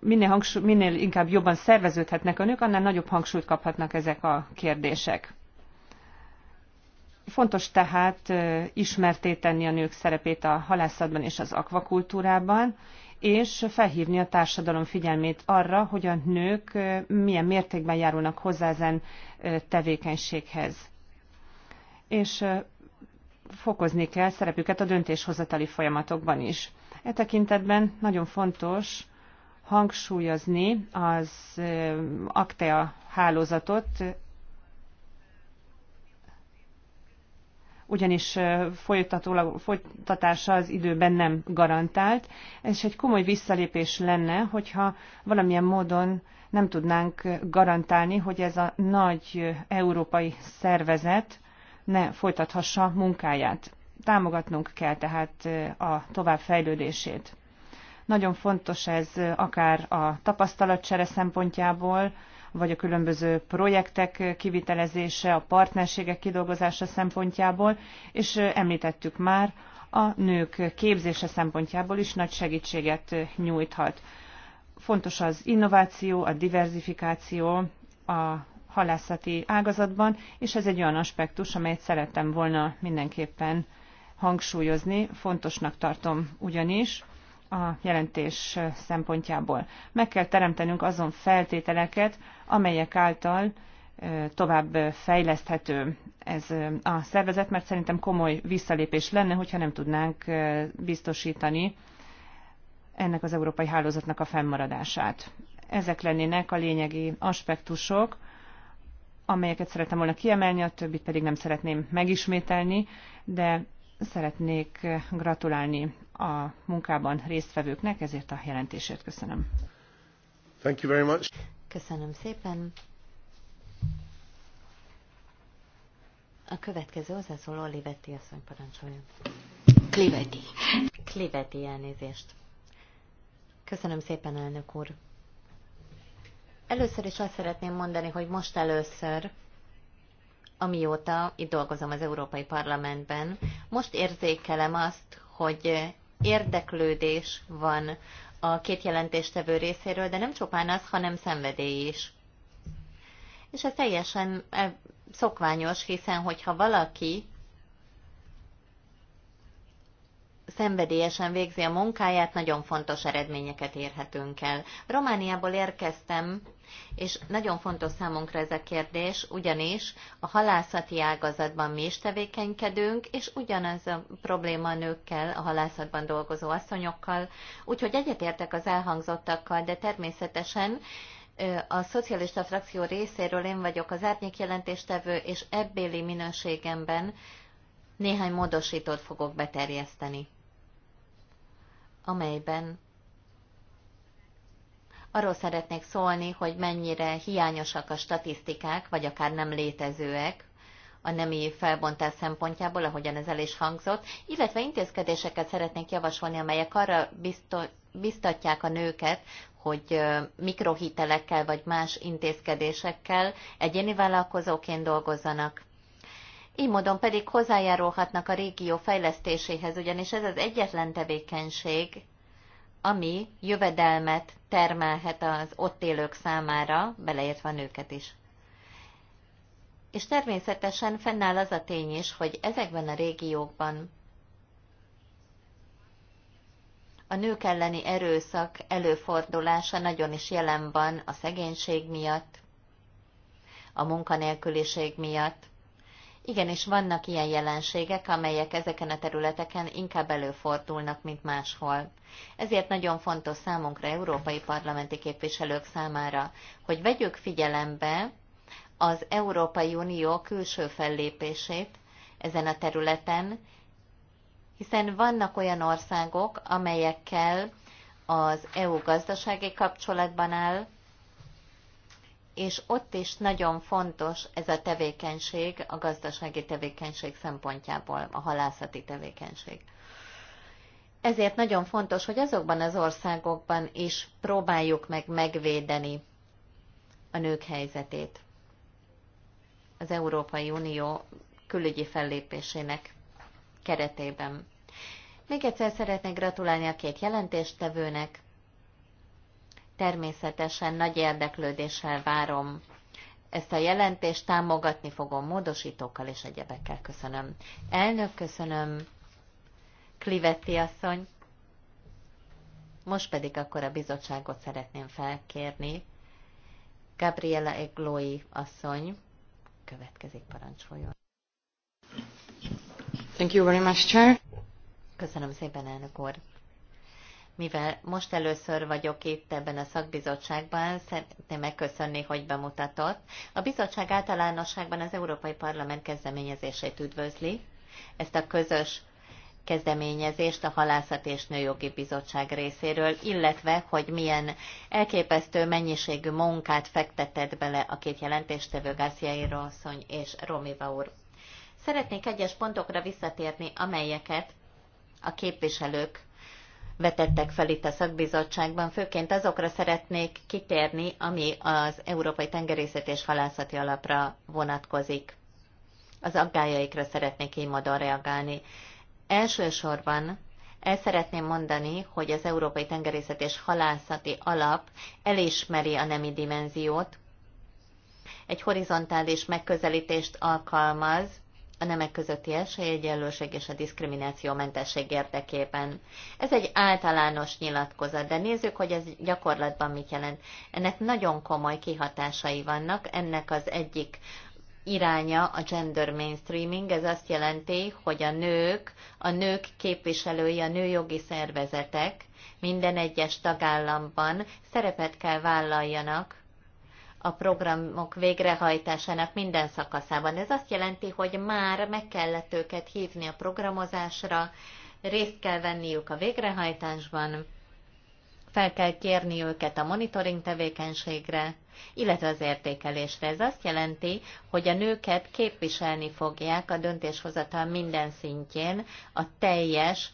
S1: minél, hangsúly, minél inkább jobban szerveződhetnek a nők, annál nagyobb hangsúlyt kaphatnak ezek a kérdések. Fontos tehát ismerté tenni a nők szerepét a halászatban és az akvakultúrában, és felhívni a társadalom figyelmét arra, hogy a nők milyen mértékben járulnak hozzá ezen tevékenységhez. És fokozni kell szerepüket a döntéshozatali folyamatokban is. E tekintetben nagyon fontos hangsúlyozni az Aktea hálózatot, ugyanis folytatása az időben nem garantált, és egy komoly visszalépés lenne, hogyha valamilyen módon nem tudnánk garantálni, hogy ez a nagy európai szervezet ne folytathassa munkáját. Támogatnunk kell tehát a továbbfejlődését. Nagyon fontos ez akár a tapasztalatcsere szempontjából, vagy a különböző projektek kivitelezése, a partnerségek kidolgozása szempontjából, és említettük már, a nők képzése szempontjából is nagy segítséget nyújthat. Fontos az innováció, a diversifikáció a halászati ágazatban, és ez egy olyan aspektus, amelyet szerettem volna mindenképpen hangsúlyozni, fontosnak tartom ugyanis, a jelentés szempontjából. Meg kell teremtenünk azon feltételeket, amelyek által tovább fejleszthető ez a szervezet, mert szerintem komoly visszalépés lenne, hogyha nem tudnánk biztosítani ennek az európai hálózatnak a fennmaradását. Ezek lennének a lényegi aspektusok, amelyeket szerettem volna kiemelni, a többit pedig nem szeretném megismételni, de Szeretnék gratulálni a munkában résztvevőknek, ezért a jelentésért köszönöm.
S2: Thank you very much. Köszönöm szépen. A következő hozzászóló Olivetti asszony parancsolja. Kliveti. Kliveti elnézést. Köszönöm szépen, elnök úr. Először is azt szeretném mondani, hogy most először amióta itt dolgozom az Európai Parlamentben, most érzékelem azt, hogy érdeklődés van a két jelentéstevő részéről, de nem csupán az, hanem szenvedély is. És ez teljesen eh, szokványos, hiszen hogyha valaki szenvedélyesen végzi a munkáját, nagyon fontos eredményeket érhetünk el. Romániából érkeztem, és nagyon fontos számunkra ez a kérdés, ugyanis a halászati ágazatban mi is tevékenykedünk, és ugyanaz a probléma a nőkkel, a halászatban dolgozó asszonyokkal, úgyhogy egyetértek az elhangzottakkal, de természetesen a szocialista frakció részéről én vagyok az árnyékjelentéstevő, és ebbéli minőségemben néhány módosítót fogok beterjeszteni amelyben arról szeretnék szólni, hogy mennyire hiányosak a statisztikák, vagy akár nem létezőek a nemi felbontás szempontjából, ahogyan ez el is hangzott, illetve intézkedéseket szeretnék javasolni, amelyek arra biztatják a nőket, hogy mikrohitelekkel vagy más intézkedésekkel egyéni vállalkozóként dolgozzanak. Így módon pedig hozzájárulhatnak a régió fejlesztéséhez, ugyanis ez az egyetlen tevékenység, ami jövedelmet termelhet az ott élők számára, beleértve a nőket is. És természetesen fennáll az a tény is, hogy ezekben a régiókban a nők elleni erőszak előfordulása nagyon is jelen van a szegénység miatt, a munkanélküliség miatt, igen, és vannak ilyen jelenségek, amelyek ezeken a területeken inkább előfordulnak, mint máshol. Ezért nagyon fontos számunkra, európai parlamenti képviselők számára, hogy vegyük figyelembe az Európai Unió külső fellépését ezen a területen, hiszen vannak olyan országok, amelyekkel az EU gazdasági kapcsolatban áll, és ott is nagyon fontos ez a tevékenység a gazdasági tevékenység szempontjából, a halászati tevékenység. Ezért nagyon fontos, hogy azokban az országokban is próbáljuk meg megvédeni a nők helyzetét az Európai Unió külügyi fellépésének keretében. Még egyszer szeretnék gratulálni a két jelentéstevőnek, Természetesen nagy érdeklődéssel várom ezt a jelentést, támogatni fogom módosítókkal és egyebekkel. Köszönöm. Elnök, köszönöm. Klivetti asszony. Most pedig akkor a bizottságot szeretném felkérni. Gabriela Eglói asszony következik, parancsoljon. Thank you very much, Chair. Köszönöm szépen, elnök úr mivel most először vagyok itt ebben a szakbizottságban, szeretném megköszönni, hogy bemutatott. A bizottság általánosságban az Európai Parlament kezdeményezését üdvözli, ezt a közös kezdeményezést a Halászat és Nőjogi Bizottság részéről, illetve, hogy milyen elképesztő mennyiségű munkát fektetett bele a két jelentéstevő Gászjairo asszony és Romiva úr. Szeretnék egyes pontokra visszatérni, amelyeket a képviselők vetettek fel itt a szakbizottságban. Főként azokra szeretnék kitérni, ami az Európai Tengerészet és Halászati Alapra vonatkozik. Az aggájaikra szeretnék így módon reagálni. Elsősorban el szeretném mondani, hogy az Európai Tengerészet és Halászati Alap elismeri a nemi dimenziót, egy horizontális megközelítést alkalmaz, a nemek közötti esélyegyenlőség és a diszkrimináció mentesség érdekében. Ez egy általános nyilatkozat, de nézzük, hogy ez gyakorlatban mit jelent. Ennek nagyon komoly kihatásai vannak, ennek az egyik iránya a gender mainstreaming, ez azt jelenti, hogy a nők, a nők képviselői, a nőjogi szervezetek minden egyes tagállamban szerepet kell vállaljanak a programok végrehajtásának minden szakaszában. Ez azt jelenti, hogy már meg kellett őket hívni a programozásra, részt kell venniük a végrehajtásban, fel kell kérni őket a monitoring tevékenységre, illetve az értékelésre. Ez azt jelenti, hogy a nőket képviselni fogják a döntéshozatal minden szintjén a teljes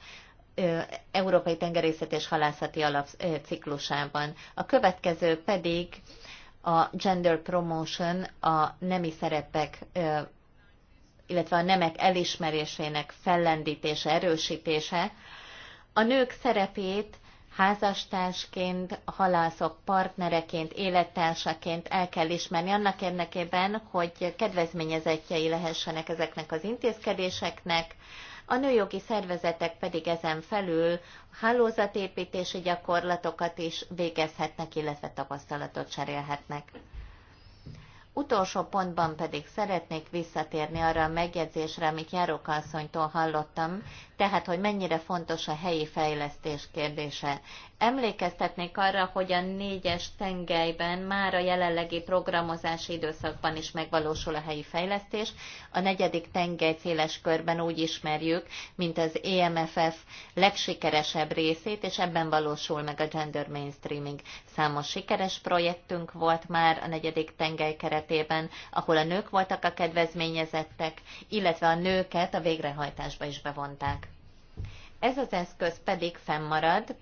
S2: Európai Tengerészet és Halászati Alapciklusában. A következő pedig a gender promotion, a nemi szerepek, illetve a nemek elismerésének fellendítése, erősítése, a nők szerepét házastársként, halászok partnereként, élettársaként el kell ismerni annak érdekében, hogy kedvezményezettjei lehessenek ezeknek az intézkedéseknek, a nőjogi szervezetek pedig ezen felül hálózatépítési gyakorlatokat is végezhetnek, illetve tapasztalatot cserélhetnek. Utolsó pontban pedig szeretnék visszatérni arra a megjegyzésre, amit Járókasszonytól hallottam, tehát, hogy mennyire fontos a helyi fejlesztés kérdése. Emlékeztetnék arra, hogy a négyes tengelyben már a jelenlegi programozási időszakban is megvalósul a helyi fejlesztés. A negyedik tengely széles körben úgy ismerjük, mint az EMFF legsikeresebb részét, és ebben valósul meg a gender mainstreaming. Számos sikeres projektünk volt már a negyedik tengely keretében, ahol a nők voltak a kedvezményezettek, illetve a nőket a végrehajtásba is bevonták. Ez az eszköz pedig fennmarad,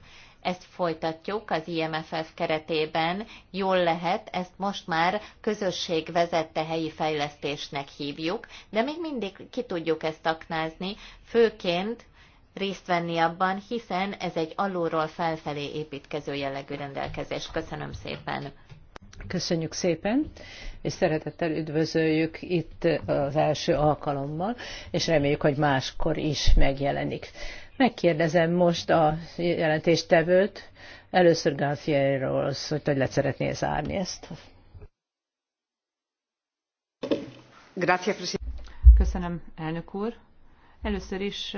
S2: ezt folytatjuk az IMFF keretében. Jól lehet, ezt most már közösség vezette helyi fejlesztésnek hívjuk, de még mindig ki tudjuk ezt aknázni, főként részt venni abban, hiszen ez egy alulról felfelé építkező jellegű rendelkezés. Köszönöm szépen!
S3: Köszönjük szépen, és szeretettel üdvözöljük itt az első alkalommal, és reméljük, hogy máskor is megjelenik. Megkérdezem most a jelentéstevőt, először Galfieról, hogy hogy le szeretné
S1: zárni ezt. Köszönöm, elnök úr. Először is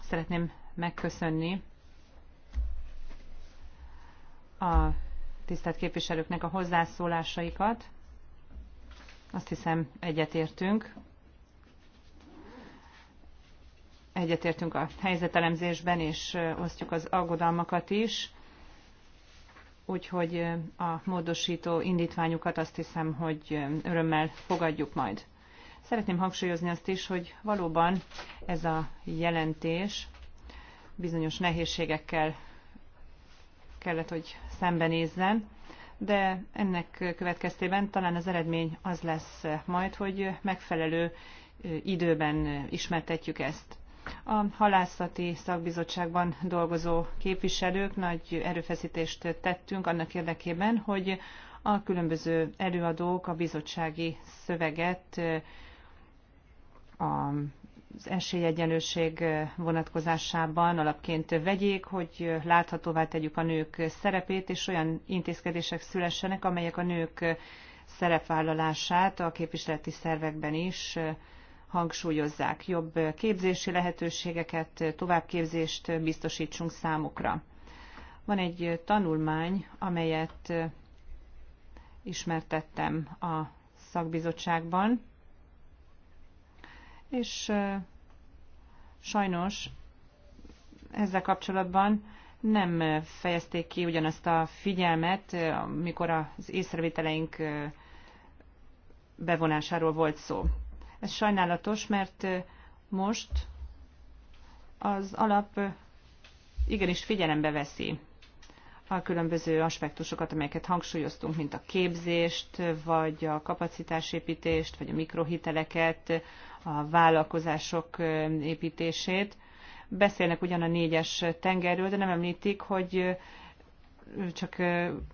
S1: szeretném megköszönni a tisztelt képviselőknek a hozzászólásaikat. Azt hiszem egyetértünk egyetértünk a helyzetelemzésben, és osztjuk az aggodalmakat is. Úgyhogy a módosító indítványukat azt hiszem, hogy örömmel fogadjuk majd. Szeretném hangsúlyozni azt is, hogy valóban ez a jelentés bizonyos nehézségekkel kellett, hogy szembenézzen, de ennek következtében talán az eredmény az lesz majd, hogy megfelelő időben ismertetjük ezt. A halászati szakbizottságban dolgozó képviselők nagy erőfeszítést tettünk annak érdekében, hogy a különböző előadók a bizottsági szöveget az esélyegyenlőség vonatkozásában alapként vegyék, hogy láthatóvá tegyük a nők szerepét, és olyan intézkedések szülessenek, amelyek a nők szerepvállalását a képviseleti szervekben is hangsúlyozzák. Jobb képzési lehetőségeket, továbbképzést biztosítsunk számukra. Van egy tanulmány, amelyet ismertettem a szakbizottságban, és sajnos ezzel kapcsolatban nem fejezték ki ugyanazt a figyelmet, amikor az észrevételeink bevonásáról volt szó. Ez sajnálatos, mert most az alap igenis figyelembe veszi a különböző aspektusokat, amelyeket hangsúlyoztunk, mint a képzést, vagy a kapacitásépítést, vagy a mikrohiteleket, a vállalkozások építését. Beszélnek ugyan a négyes tengerről, de nem említik, hogy csak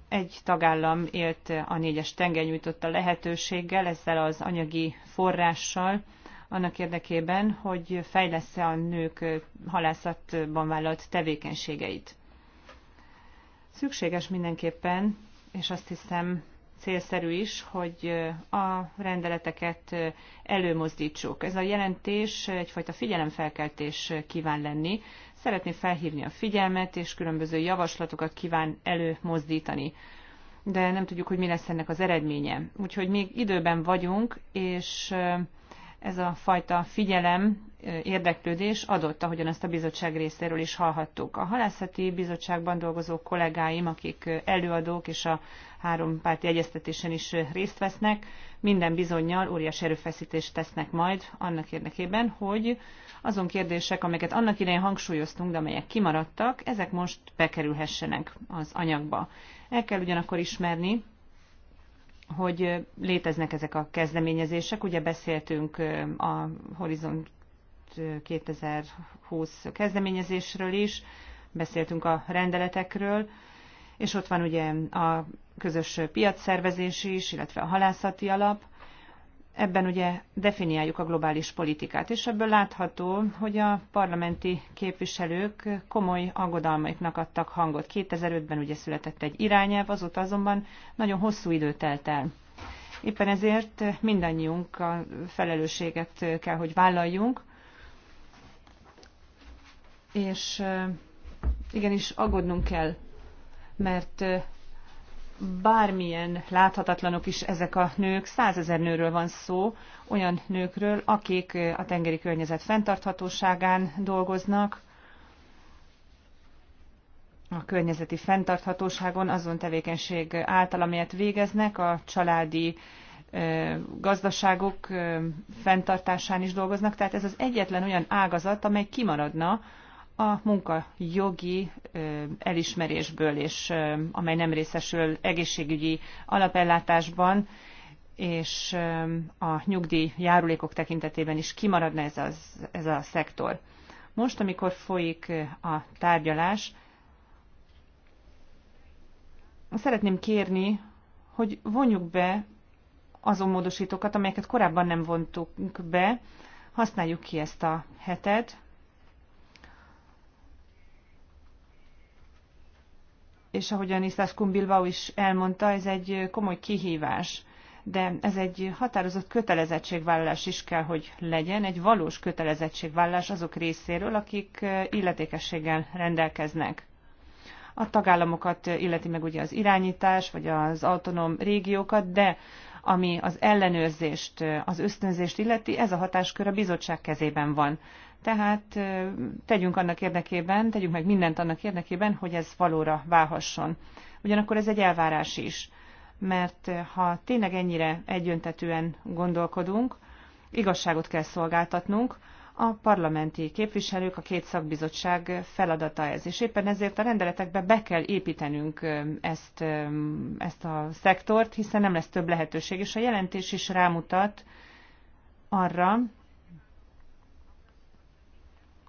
S1: egy tagállam élt a négyes tenger nyújtotta lehetőséggel, ezzel az anyagi forrással, annak érdekében, hogy fejlesz a nők halászatban vállalt tevékenységeit. Szükséges mindenképpen, és azt hiszem célszerű is, hogy a rendeleteket előmozdítsuk. Ez a jelentés egyfajta figyelemfelkeltés kíván lenni, szeretné felhívni a figyelmet, és különböző javaslatokat kíván előmozdítani. De nem tudjuk, hogy mi lesz ennek az eredménye. Úgyhogy még időben vagyunk, és ez a fajta figyelem, érdeklődés adott, ahogyan ezt a bizottság részéről is hallhattuk. A halászati bizottságban dolgozó kollégáim, akik előadók és a három párti egyeztetésen is részt vesznek, minden bizonyal óriás erőfeszítést tesznek majd annak érdekében, hogy azon kérdések, amelyeket annak idején hangsúlyoztunk, de amelyek kimaradtak, ezek most bekerülhessenek az anyagba. El kell ugyanakkor ismerni, hogy léteznek ezek a kezdeményezések. Ugye beszéltünk a Horizont 2020 kezdeményezésről is, beszéltünk a rendeletekről, és ott van ugye a közös piacszervezés is, illetve a halászati alap. Ebben ugye definiáljuk a globális politikát, és ebből látható, hogy a parlamenti képviselők komoly aggodalmaiknak adtak hangot. 2005-ben ugye született egy irányelv, azóta azonban nagyon hosszú idő telt el. Éppen ezért mindannyiunk a felelősséget kell, hogy vállaljunk, és igenis aggódnunk kell, mert bármilyen láthatatlanok is ezek a nők, százezer nőről van szó, olyan nőkről, akik a tengeri környezet fenntarthatóságán dolgoznak, a környezeti fenntarthatóságon, azon tevékenység által, amelyet végeznek, a családi gazdaságok fenntartásán is dolgoznak, tehát ez az egyetlen olyan ágazat, amely kimaradna a munkajogi elismerésből, és amely nem részesül egészségügyi alapellátásban, és a nyugdíj járulékok tekintetében is kimaradna ez, az, ez a szektor. Most, amikor folyik a tárgyalás, szeretném kérni, hogy vonjuk be azon módosítókat, amelyeket korábban nem vontunk be, használjuk ki ezt a hetet, és ahogyan Iszlász Kumbilbao is elmondta, ez egy komoly kihívás, de ez egy határozott kötelezettségvállalás is kell, hogy legyen, egy valós kötelezettségvállalás azok részéről, akik illetékességgel rendelkeznek. A tagállamokat illeti meg ugye az irányítás, vagy az autonóm régiókat, de ami az ellenőrzést, az ösztönzést illeti, ez a hatáskör a bizottság kezében van. Tehát tegyünk annak érdekében, tegyünk meg mindent annak érdekében, hogy ez valóra válhasson. Ugyanakkor ez egy elvárás is, mert ha tényleg ennyire egyöntetően gondolkodunk, igazságot kell szolgáltatnunk, a parlamenti képviselők, a két szakbizottság feladata ez, és éppen ezért a rendeletekbe be kell építenünk ezt, ezt a szektort, hiszen nem lesz több lehetőség, és a jelentés is rámutat arra,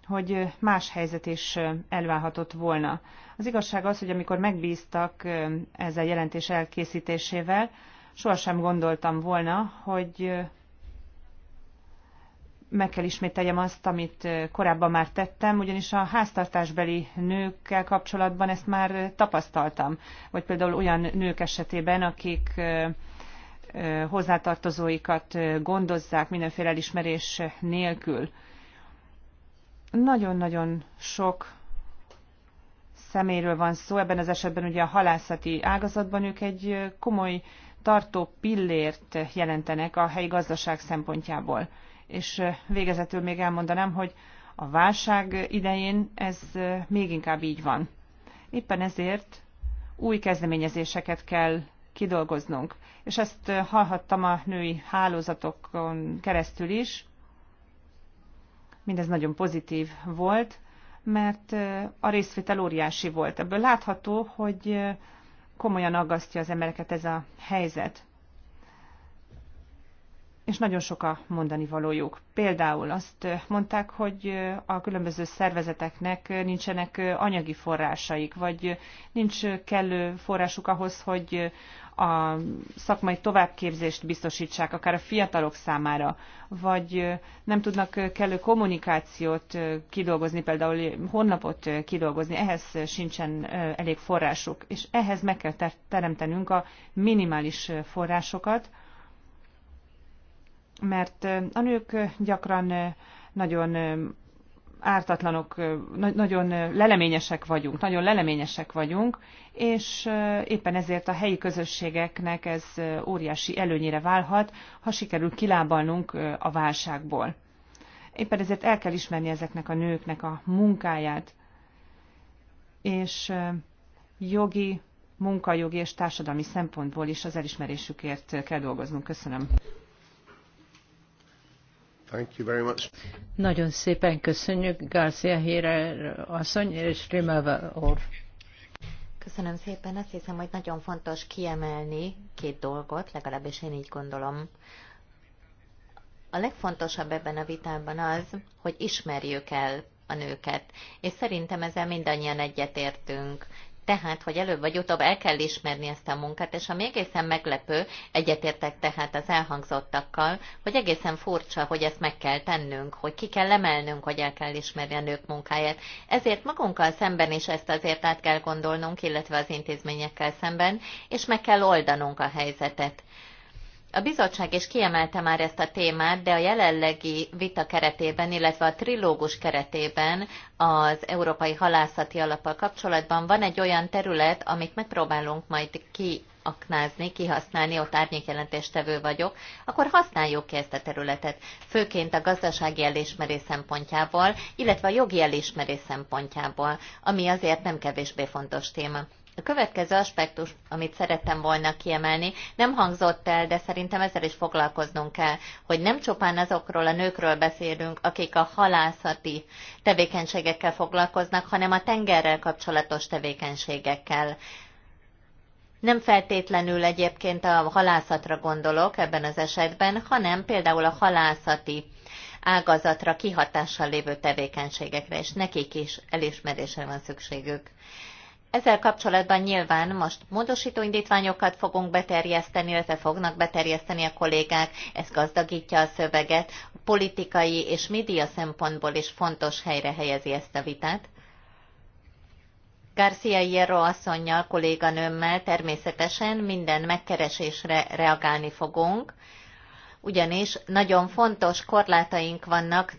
S1: hogy más helyzet is elválhatott volna. Az igazság az, hogy amikor megbíztak ezzel jelentés elkészítésével, sohasem gondoltam volna, hogy meg kell ismételjem azt, amit korábban már tettem, ugyanis a háztartásbeli nőkkel kapcsolatban ezt már tapasztaltam. Vagy például olyan nők esetében, akik hozzátartozóikat gondozzák mindenféle elismerés nélkül. Nagyon-nagyon sok személyről van szó, ebben az esetben ugye a halászati ágazatban ők egy komoly tartó pillért jelentenek a helyi gazdaság szempontjából. És végezetül még elmondanám, hogy a válság idején ez még inkább így van. Éppen ezért új kezdeményezéseket kell kidolgoznunk. És ezt hallhattam a női hálózatokon keresztül is, Mindez nagyon pozitív volt, mert a részvétel óriási volt. Ebből látható, hogy komolyan aggasztja az embereket ez a helyzet. És nagyon sok a mondani valójuk. Például azt mondták, hogy a különböző szervezeteknek nincsenek anyagi forrásaik, vagy nincs kellő forrásuk ahhoz, hogy a szakmai továbbképzést biztosítsák, akár a fiatalok számára, vagy nem tudnak kellő kommunikációt kidolgozni, például honlapot kidolgozni, ehhez sincsen elég forrásuk, és ehhez meg kell teremtenünk a minimális forrásokat, mert a nők gyakran nagyon ártatlanok, nagyon leleményesek vagyunk, nagyon leleményesek vagyunk, és éppen ezért a helyi közösségeknek ez óriási előnyére válhat, ha sikerül kilábalnunk a válságból. Éppen ezért el kell ismerni ezeknek a nőknek a munkáját, és jogi, munkajogi és társadalmi szempontból is az elismerésükért kell dolgoznunk. Köszönöm. Thank you very much.
S3: Nagyon szépen köszönjük Garcia Hére asszony és
S2: Rimava úr. Köszönöm szépen. Azt hiszem, hogy nagyon fontos kiemelni két dolgot, legalábbis én így gondolom. A legfontosabb ebben a vitában az, hogy ismerjük el a nőket, és szerintem ezzel mindannyian egyetértünk tehát, hogy előbb vagy utóbb el kell ismerni ezt a munkát, és ami egészen meglepő, egyetértek tehát az elhangzottakkal, hogy egészen furcsa, hogy ezt meg kell tennünk, hogy ki kell emelnünk, hogy el kell ismerni a nők munkáját. Ezért magunkkal szemben is ezt azért át kell gondolnunk, illetve az intézményekkel szemben, és meg kell oldanunk a helyzetet. A bizottság is kiemelte már ezt a témát, de a jelenlegi vita keretében, illetve a trilógus keretében az Európai Halászati Alappal kapcsolatban van egy olyan terület, amit megpróbálunk majd kiaknázni, kihasználni, ott árnyékjelentéstevő vagyok, akkor használjuk ki ezt a területet, főként a gazdasági elismerés szempontjából, illetve a jogi elismerés szempontjából, ami azért nem kevésbé fontos téma. A következő aspektus, amit szerettem volna kiemelni, nem hangzott el, de szerintem ezzel is foglalkoznunk kell, hogy nem csupán azokról a nőkről beszélünk, akik a halászati tevékenységekkel foglalkoznak, hanem a tengerrel kapcsolatos tevékenységekkel. Nem feltétlenül egyébként a halászatra gondolok ebben az esetben, hanem például a halászati ágazatra kihatással lévő tevékenységekre, és nekik is elismerésre van szükségük. Ezzel kapcsolatban nyilván most módosító indítványokat fogunk beterjeszteni, illetve fognak beterjeszteni a kollégák, ez gazdagítja a szöveget, politikai és média szempontból is fontos helyre helyezi ezt a vitát. Garcia Hierro asszonynal, kolléganőmmel természetesen minden megkeresésre reagálni fogunk, ugyanis nagyon fontos korlátaink vannak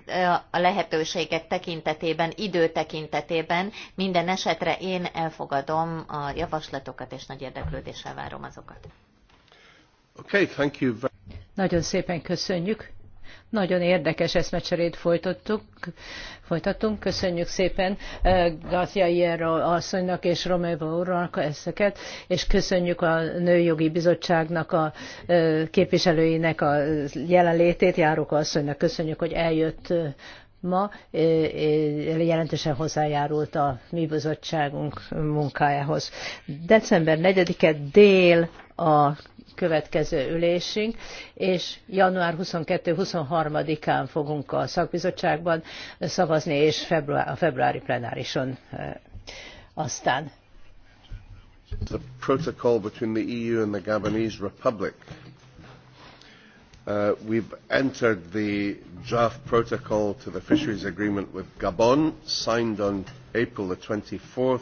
S2: a lehetőségek tekintetében, idő tekintetében. Minden esetre én elfogadom a javaslatokat, és nagy érdeklődéssel várom azokat.
S1: Okay, thank you.
S3: Nagyon szépen köszönjük. Nagyon érdekes eszmecserét folytattuk, folytatunk. Köszönjük szépen eh, Gatja Ierra asszonynak és Romeva úrnak ezeket, és köszönjük a Nőjogi Bizottságnak a eh, képviselőinek a jelenlétét, járók asszonynak köszönjük, hogy eljött eh, ma jelentősen hozzájárult a mi bizottságunk munkájához. December 4-e dél a következő ülésünk, és január 22-23-án fogunk a szakbizottságban szavazni, és február, a februári plenárison aztán.
S1: The protocol between the EU and the Gabonese Republic. Uh, we've entered the draft protocol to the fisheries agreement with Gabon, signed on April the 24th.